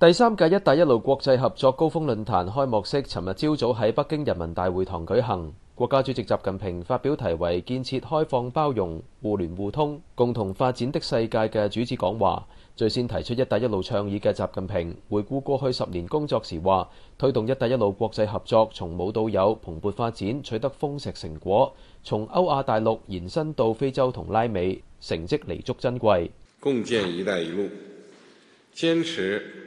第三屆“一帶一路”國際合作高峰論壇開幕式尋日朝早喺北京人民大會堂舉行。國家主席習近平發表題為《建設開放包容、互聯互通、共同發展的世界》嘅主旨講話。最先提出“一帶一路”倡議嘅習近平回顧過去十年工作時話：推動“一帶一路”國際合作從冇到有、蓬勃發展，取得豐碩成果，從歐亞大陸延伸到非洲同拉美，成績彌足珍貴。共建“一帶一路”，堅持，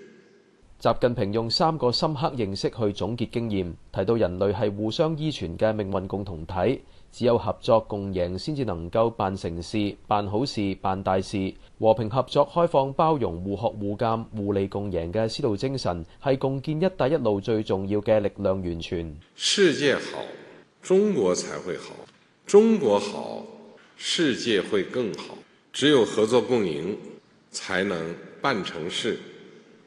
習近平用三個深刻認識去總結經驗，提到人類係互相依存嘅命運共同體，只有合作共贏先至能夠辦成事、辦好事、辦大事。和平合作、開放包容、互學互鑒、互利共贏嘅絲路精神係共建“一帶一路”最重要嘅力量源泉。世界好，中國才會好；中國好，世界會更好。只有合作共贏，才能辦成事。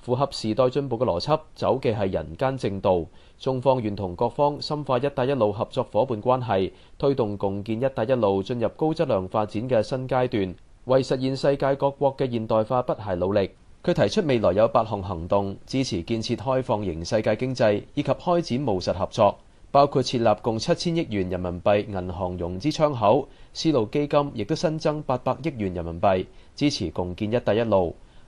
符合時代進步嘅邏輯，走嘅係人間正道。中方願同各方深化一帶一路合作伙伴關係，推動共建一帶一路進入高質量發展嘅新階段，為實現世界各國嘅現代化不懈努力。佢提出未來有八項行動，支持建設開放型世界經濟，以及開展務實合作，包括設立共七千億元人民幣銀行融資窗口，絲路基金亦都新增八百億元人民幣，支持共建一帶一路。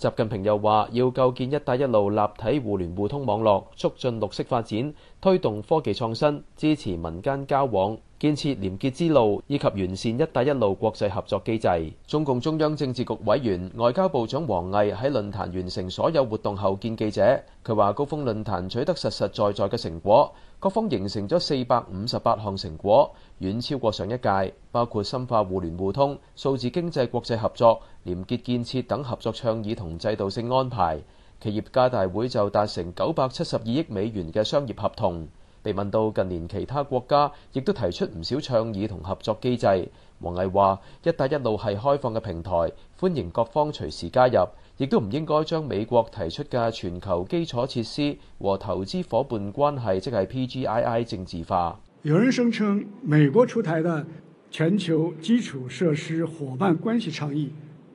習近平又話：要構建「一帶一路」立體互聯互通網絡，促進綠色發展，推動科技創新，支持民間交往，建設廉潔之路，以及完善「一帶一路」國際合作機制。中共中央政治局委員、外交部長王毅喺論壇完成所有活動後見記者，佢話：高峰論壇取得實實在在嘅成果，各方形成咗四百五十八項成果，遠超過上一屆，包括深化互聯互通、數字經濟國際合作。連結建設等合作倡議同制度性安排，企業家大會就達成九百七十二億美元嘅商業合同。被問到近年其他國家亦都提出唔少倡議同合作機制，王毅話：一帶一路係開放嘅平台，歡迎各方隨時加入，亦都唔應該將美國提出嘅全球基礎設施和投資伙伴關係，即係 PGII 政治化。有人聲稱美國出台嘅全球基礎設施伙伴關係倡議。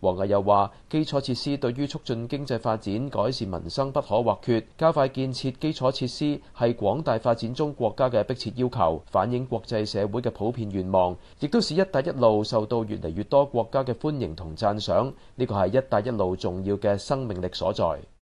王毅又話：基礎設施對於促進經濟發展、改善民生不可或缺，加快建設基礎設施係廣大發展中國家嘅迫切要求，反映國際社會嘅普遍願望，亦都是「一帶一路」受到越嚟越多國家嘅歡迎同讚賞。呢個係「一帶一路」重要嘅生命力所在。